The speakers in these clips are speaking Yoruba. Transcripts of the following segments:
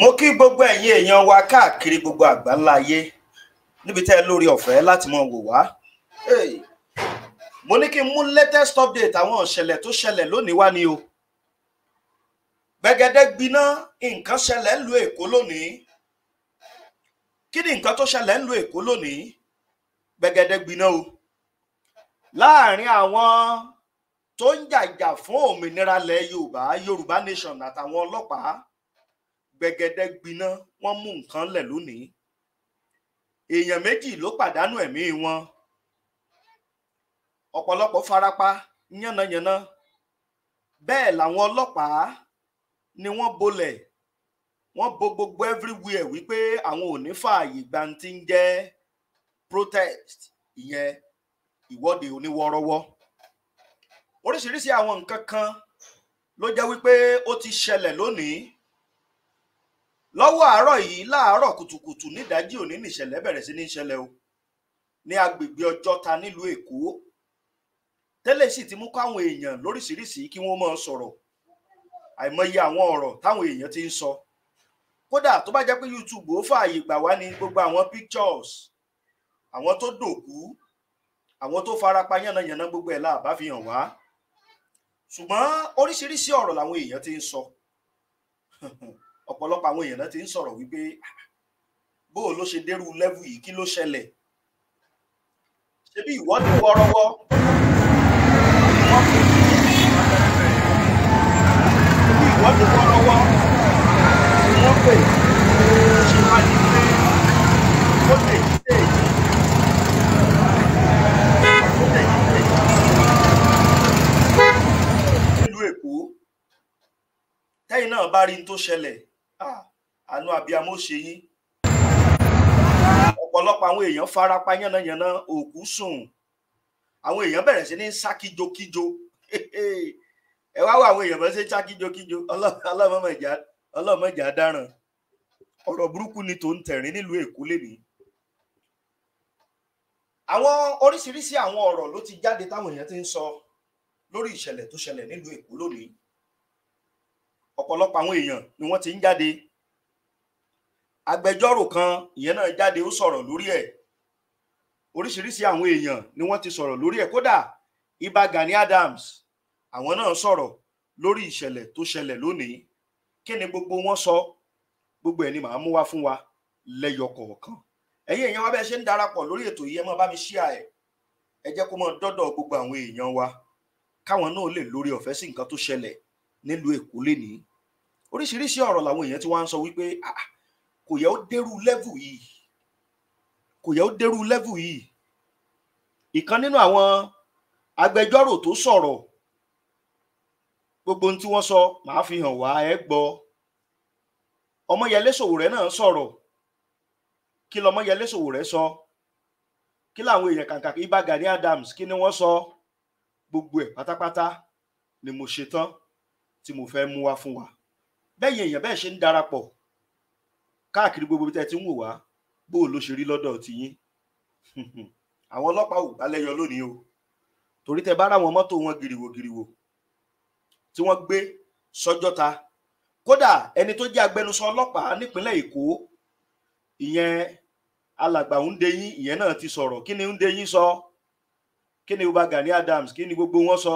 mo kí gbogbo ẹ̀yin èèyàn wa káàkiri gbogbo àgbáńlá ayé níbi tẹ́ ẹ lórí ọ̀fẹ́ láti mọ wò wá mo ní kí n mú latest update àwọn ìṣẹ̀lẹ̀ tó ṣẹlẹ̀ lónìí wá ni o gbẹ̀gẹ̀dẹ̀ gbiná nǹkan ṣẹlẹ̀ ń lu èkó lónìí kí ni nǹkan tó ṣẹlẹ̀ ń lu èkó lónìí gbẹ̀gẹ̀dẹ̀ gbiná o láàárín àwọn tó ń jàjà fún òmìnira ilẹ̀ yorùbá yorùbá nation àtàwọn ọlọ́pàá gbẹgẹdẹ gbiná wọ́n mú nǹkan lẹ̀ lónìí èèyàn méjì ló pàdánù ẹ̀mí wọn ọ̀pọ̀lọpọ̀ farapa yánnayànna bẹ́ẹ̀ làwọn ọlọ́pàá ni wọ́n bolẹ̀ wọ́n bo gbogbo everywhere wípé àwọn ò ní fààyè gbanti ń jẹ́ protest ìyẹn ìwọ́de oníwọ́rọ́wọ́ oríṣiríṣi àwọn nǹkan kan ló jẹ́ wípé ó ti ṣẹlẹ̀ lónìí lọ́wọ́ àárọ̀ yìí láàárọ̀ kùtùkùtù nídàájí òní nìṣẹ̀lẹ̀ bẹ̀rẹ̀ sí ní ṣẹlẹ̀ o ní agbègbè ọjọ́ta nílùú èkó tẹ́lẹ̀ sì ti mú káwọn èèyàn lóríṣìíríṣìí kí wọ́n máa sọ̀rọ̀ àìmọye àwọn ọ̀rọ̀ táwọn èèyàn ti ń sọ kódà tó bá jẹ́ pé youtube ó fààyè gbà wá ní gbogbo àwọn pictures àwọn tó dòkú àwọn tó farapa yánnayànna gbogbo ẹ̀ láàbá fi hàn wá ṣùgbọ́n oríṣiríṣi ọ̀rọ̀ làwọn èèyàn ti ń sọ ọ̀pọ̀lọpọ̀ àwọn èèyàn ti ń sọ̀rọ̀ wípé bó o ló ṣe dérú lẹ́vù yìí kí ló ṣẹlẹ̀ ṣebí ìwọ́de wọ́rọ́wọ́ ìwọ́de wọ́rọ́wọ́ wọ́n pè ṣe wá ní pé ó lè jí lè jí. nílùú èkó tẹ́yìn náà bá rí n tó ṣẹlẹ̀ àánú abiyamọ ṣe yín ọ̀pọ̀lọpọ̀ àwọn èèyàn farapa yánnayànna òkú sùn àwọn èèyàn bẹ̀rẹ̀ sí ní sá kíjokíjo ẹ wá wá àwọn èèyàn bẹ̀rẹ̀ sí ní sá kíjokíjo ọlọ́mọjà dáràn ọ̀rọ̀ burúkú ni tó ń tẹ̀rín nílùú èkó lénìí àwọn oríṣiríṣi àwọn ọ̀rọ̀ ló ti jáde táwọn èèyàn ti ń sọ lórí ìṣẹ̀lẹ̀ tó ṣẹlẹ̀ nílùú èkó lónìí ọ̀pọ̀lọpọ̀ àwọn èèyàn ni wọ́n ti ń jáde agbẹjọ́rò kan ìyẹn náà jáde ó sọ̀rọ̀ lórí ẹ̀ oríṣiríṣi àwọn èèyàn ni wọ́n ti sọ̀rọ̀ lórí ẹ̀ kódà Ìbà Gani Adams àwọn náà sọ̀rọ̀ lórí ìṣẹ̀lẹ̀ tó ṣẹlẹ̀ lónìí kí ni gbogbo wọn sọ gbogbo ẹ̀ ni màá mú wá fún wa lẹ́yọ kọ̀ọ̀kan ẹ̀yin èèyàn wa bẹ́ẹ̀ ṣe ń darapọ̀ lórí ètò yìí ẹ máa bá mi ṣíà ẹ̀ ẹ jẹ́ kó máa dọ́dọ̀ gbogbo àwọn èèyàn wa káwọn náà lè lórí ọ̀fẹ́ sí nǹkan tó ṣẹlẹ̀ nílùú Èkó lénìí oríṣiríṣi ọ̀rọ̀ làwọn èèyàn ti wá ń sọ wípé ah, kò yẹ ó dérú lẹ́vù yìí kò yẹ ó dérú lẹ́vù yìí ìkan nínú àwọn agbẹjọ́rò tó sọ̀rọ̀ gbogbo ohun tí wọ́n sọ màá fi hàn wá ẹ gbọ́ Ọmọyẹlé Sowore náà sọ̀rọ̀ kí lọmọyẹlé Sowore sọ kí làwọn èèyàn kàǹkà Ìbà Gani Adams kí ni wọ́n sọ gbogbo ẹ̀ pátápátá ni mo ṣetán tí mo fẹ́ mú wá fún wa bẹ́yìn èèyàn bẹ́ẹ̀ ṣe ń darapọ̀ káàkiri gbogbo bí tẹ́ ti ń wò wá bó ló ṣe rí lọ́dọ̀ tiyín àwọn ọlọ́pàá ò gbálẹ̀ yọ lónìí o torí tẹ́ bá ráwọn mọ́tò wọn gìrìwò gìrìwò tí wọ́n gbé sọ́jọ́ta kódà ẹni tó jẹ́ agbẹnusọ ọlọ́pàá nípínlẹ̀ Èkó ìyẹn alàgbà Ndeyin ìyẹn náà ti sọ̀rọ̀ kí ni Ndeyin sọ kí ni Uba Gani Adams kí ni gbogbo wọn sọ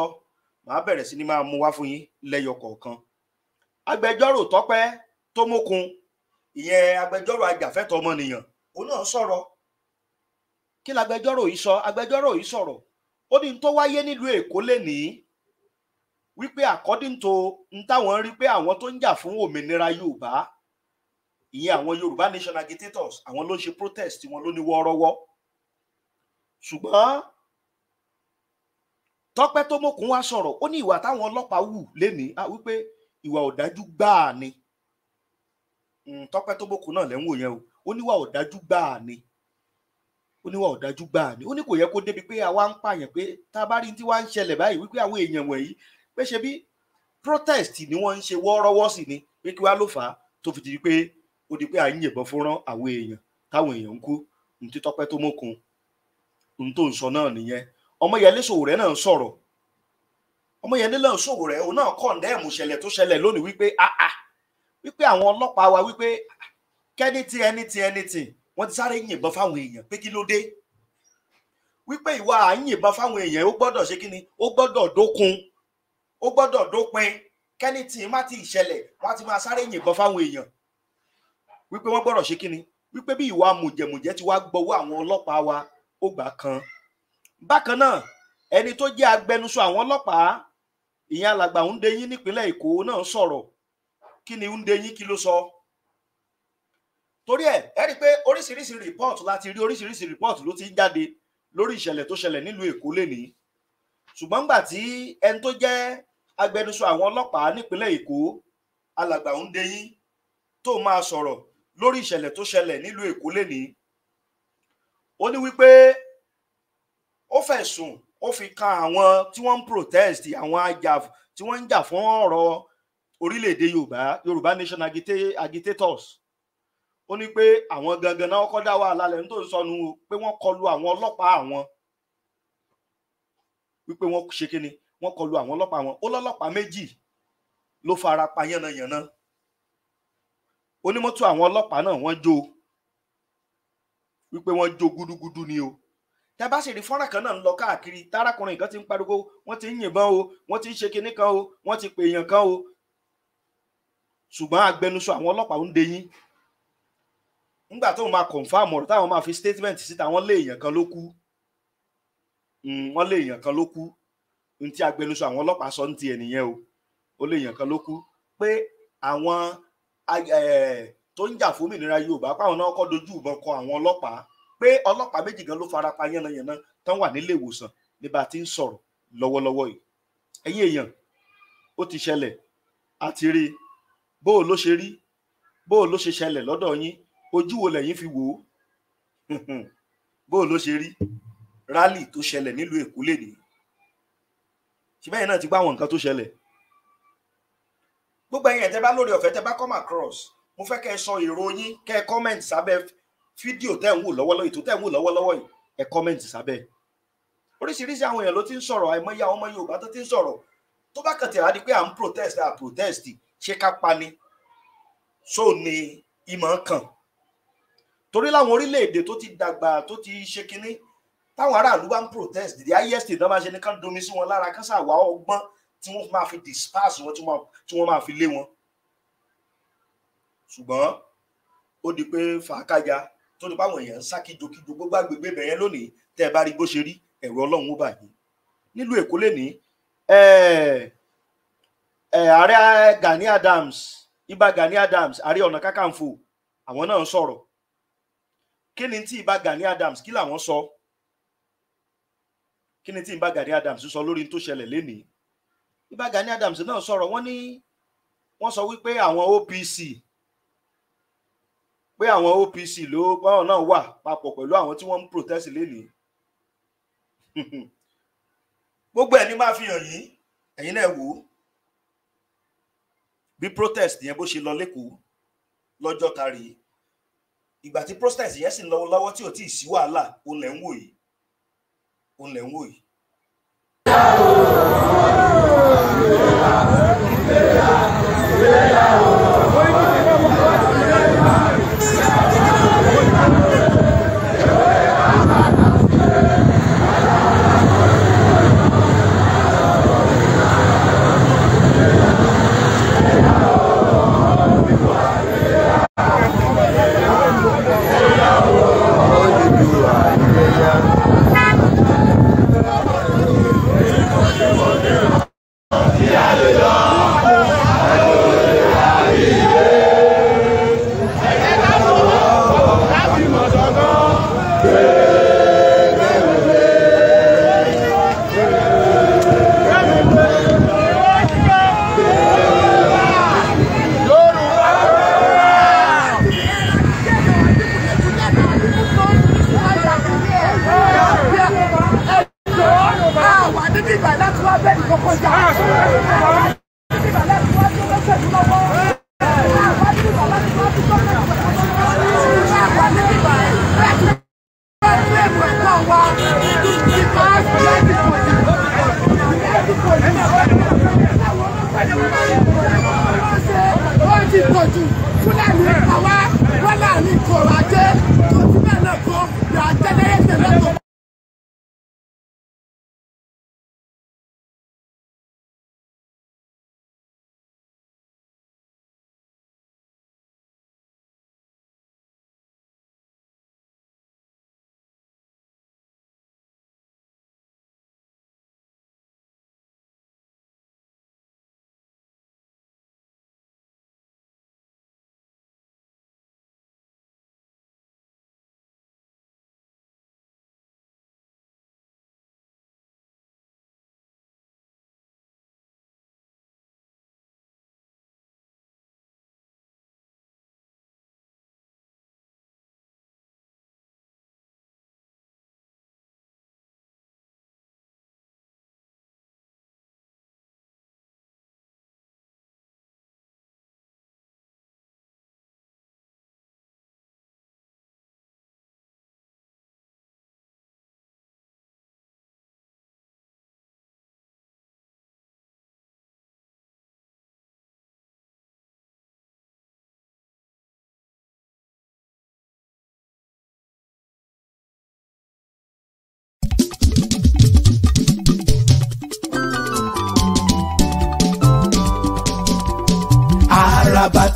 màá bẹ̀rẹ̀ sí ni máa mú wá fún yín lẹ́yọ kọ̀ọ̀kan agbẹjọ́rò Tọ́pẹ́ Tómókun ìyẹn agbẹjọ́rò ajàfẹ́tọ̀ọ́ ọmọnìyàn òun náà sọ̀rọ̀ kí lágbẹjọ́rò yìí sọ agbẹjọ́rò yìí sọ̀rọ̀ ó ní tó wáyé nílùú Èkó lénìí wípé according to táwọn rí pé àwọn tó ń jà fún òmìnira Yorùbá ìyẹn àwọn Yorùbá Nation agitators àwọn ló ń ṣe protest wọn ló ní wọ́ọ́rọ́wọ́ ṣùgbọ́n Tọ́pẹ́ Tómókun wá sọ̀rọ̀ ó ní ìwà táwọn ọlọ́pàá wù lénìí wípé ìwà ọ̀dájú gbáà ni hmm, tọ́pẹ́ tó bókun náà lẹ́wọ̀n yẹn o ó níwà ọ̀dájú gbáà ni ó níwà ọ̀dájú gbáà ni ó ní kò yẹ kó débi pé àwa ń pààyàn pé tá a bá rí tí wàá ń ṣẹlẹ̀ báyìí wípé àwọn èèyàn wọ̀nyí pé ṣe bí protest ni wọ́n ń ṣe wọ́ọ́rọ́wọ́ sí ni pé kí wá ló fà á tó fi di pé ó di pé à ń yìnbọn fún rán àwọn èèyàn táwọn èèyàn ń kú ní títọ́pẹ́ tó mọ́kun ohun tó ń sọ náà nìyẹn Ọmọyẹlé Sowore náà sọ̀rọ̀ Ọmọyẹlé Sowore òun náà kọ̀ǹdẹ́ẹ̀mù ṣẹlẹ̀ tó ṣẹlẹ̀ lónìí wípé àà ah, ah, wípé àwọn ọlọ́pàá wa wípé kẹ́ni ti ẹni ti ẹni ti wọ́n ti sáré yìnbọn fáwọn èèyàn pé kí ló dé wípé ìwà à ń yìnbọn fáwọn èèyàn ó gbọ́dọ̀ ṣe kí ni ó gbọ́dọ̀ dókun ó gbọ́dọ̀ dópin kẹ́ni tí má ti ìṣẹ̀lẹ̀ wọ́n á ti máa sáré yìnbọn fáwọn èèyàn wípé wọ́n gbọ́dọ̀ ṣe kí ni wípé bí ìwà mùjẹ̀mùjẹ̀ ti wá gbọ́wọ́ àwọn ọlọ́pàá wa ó gbà kan bákan náà ẹni tó jẹ́ agbẹnusọ àwọn ọlọ́pàá ìyẹn alàgbà Hundeyin nípínlẹ̀ Èkó náà sọ̀rọ̀ kí ni Hundeyin kí ló sọ torí ẹ ẹ rí i pé oríṣiríṣi report láti rí oríṣiríṣi report ló ti ń jáde lórí ìṣẹ̀lẹ̀ tó ṣẹlẹ̀ nílùú Èkó lénìí ṣùgbọ́n gbà tí ẹni tó jẹ́ agbẹnusọ àwọn ọlọ́pàá nípínlẹ̀ Èkó alàgbà Hundeyin tó máa sọ̀rọ̀ lórí ìṣẹ̀lẹ̀ tó ṣẹlẹ̀ nílùú Èkó lénìí ó ní wípé ó fẹ̀sùn ó fi kan àwọn tí wọ́n ń protest àwọn ajá tí wọ́n ń jà fún ọ̀rọ̀ orílẹ̀-èdè yorùbá yorùbá nation agitators ó ní pé àwọn gangan náà kọ́ dá wàhálà lẹ̀ ní tó ń sọnù o pé wọ́n kọlu àwọn ọlọ́pàá àwọn wípé wọ́n ṣe kíni wọ́n kọlu àwọn ọlọ́pàá àwọn ó lọ́lọ́pàá méjì ló fara pa yánnayànna onímọ́tò àwọn ọlọ́pàá náà wọ́n jó wípé wọ́n jó gúdúgúdú ni o tẹ bá sì rí fọ́nrán kan náà ń lọ káàkiri tárakùnrin kan ti ń pariwo wọ́n ti ń yìnbọn o wọ́n ti ń ṣe kinní kan o wọ́n ti pèèyàn kan o ṣùgbọ́n agbẹnusọ àwọn ọlọ́pàá ń deyín nígbà tóun máa confam ọ̀rọ̀ táwọn máa fi statement síta wọ́n lé èèyàn kan ló kú hmm, wọ́n lé èèyàn kan ló kú ní ti agbẹnusọ àwọn ọlọ́pàá sọ ní ti ẹ̀nìyẹn o ó lé èèyàn kan ló kú pé àwọn eh, tó ń jà fómìnira Yorùbá páwọn náà kọ́ dojú ìbọn kọ àwọn ọlọ́pàá pé ọlọ́pàá méjì gan ló fara pa yánnayànna tán wà nílé ìwòsàn ní bá a ti ń sọ̀rọ̀ lọ́wọ́lọ́wọ́ yìí ẹ̀yin èèyàn ó ti ṣẹlẹ̀ a ti rí bó o ló ṣe rí bó o ló ṣe ṣẹlẹ̀ lọ́dọ̀ yín ojú wo lẹ̀yin fi wò ó bó o ló ṣe rí rálì tó ṣẹlẹ̀ nílùú Èkó lè nìyí ṣùgbọ́n ẹ̀yin náà ti gbọ́ àwọn nǹkan tó ṣẹlẹ̀ gbogbo ẹ̀yin ẹ̀ tẹ́ bá lórí ọ̀fẹ́ tẹ́ bá come across mo fẹ́ kẹ́ ẹ sọ èrò yín kẹ́ ẹ comment sábẹ́ fídíò tẹ́ ń wò lọ́wọ́lọ́wọ́ ètò tẹ́ ń wò lọ́wọ́lọ́wọ́ yìí ẹ kọ́mẹ́ǹtì sábẹ́ oríṣiríṣi àwọn èèyàn ló ti ń sọ̀rọ̀ àìmọye àwọn ọmọ Yorùbá tó ti ń sọ̀rọ̀ tó bá kàn tẹ̀lá di pé à ń protest à protest ṣé ká pa ni so ni ìmọ̀ kàn torí láwọn orílẹ̀-èdè tó ti dàgbà tó ti ṣe kinní táwọn aráàlú bá ń protest the highest ìdán máa ṣe ní kán domi sí wọn lára kán ṣàwá ọgbọ́n tí wọ́n máa fi disperse wọn tí wọ́n máa fi lé wọn ṣùgbọ́n ó di pé fàákàjà tó ní báwọn èèyàn ń sá kíjokíjo gbogbo àgbègbè bẹ̀yẹn lónìí tẹ́ ẹ bá rí bó ṣe rí ẹ̀rọ ọlọ́run ó bàjẹ́ nílùú èkó lè ní ààrẹ Gani Adams ibà Gani Adams ààrẹ ọ̀nà kákàǹfò àwọn náà ń sọ̀rọ̀ kí ni tí ibà Gani Adams kí làwọn sọ kí ni tí ibà Gani Adams sọ lórí tó ṣẹlẹ̀ lénìí ibà Gani Adams náà sọ̀rọ̀ wọ́n ní wọ́n sọ wípé àwọn OPC pé àwọn OPC ló báwọn náà wà papọ̀ pẹ̀lú àwọn tí wọ́n ń protest lélẹ̀ gbogbo ẹ̀ ní máa fi hàn yín ẹ̀yin náà wò ó bí protest yẹn bó ṣe lọ lẹ́kọ̀ọ́ lọ́jọ́ kárí ìgbà tí protest yẹn sì ń lọ́wọ́ lọ́wọ́ tí ò tí ì sí wàhálà òun lẹ̀ ń wò yìí òun lẹ̀ ń wò yìí.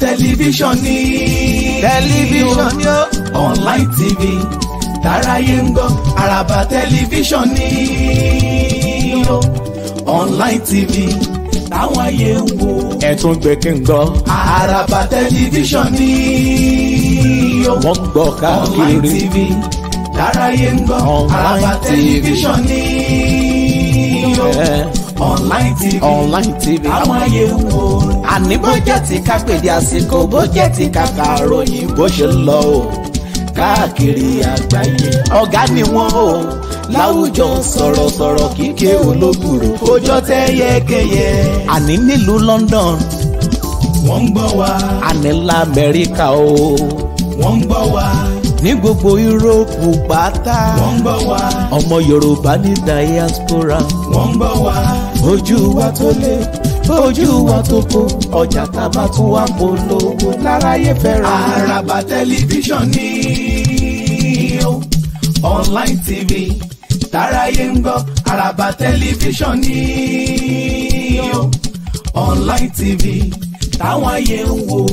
tẹlifíṣàn ni. tẹlifíṣàn ni ó. online tv tàráyé ń gbọ́ àràbà tẹlifíṣàn ni online tv táwọn ayé ń wo. ẹ̀tún gbẹ̀kẹ̀ ń gbọ́. àràbà tẹlifíṣàn ni wọ́n gbọ́ káàkiri. online tv tàráyé ń gbọ́ àràbà tẹlifíṣàn ni ó online tv online tv àwọn ayé ń wo àní bó jẹ́ ti ká pèdé àsìkò bó jẹ́ ti ká ka ròyìn bó ṣe lọ o káàkiri àgbáyé ọ̀gá ni wọ́n o láwùjọ sọ̀rọ̀sọ̀rọ̀ kíkẹ́ olóbùrò ojọ́ tẹ́ yẹ́kẹ́yẹ. àní nílùú London wọ́n ń gbọ́ wa. àní la Amẹ́ríkà o wọ́n ń gbọ́ wa ní gbogbo yúróòpù pátá. wọ́n gbọ́ wa. ọmọ yorùbá ní diaspora. wọ́n gbọ́ wa. ojú wa tó lé ojú wa tó kó ọjà tábà tún wá polówó láráyé fẹ́ràn. àràbà tẹlifíṣàn ni ó online tv táráyé ń gbọ́ àràbà tẹlifíṣàn ni ó online tv táwọn ayé ń wò.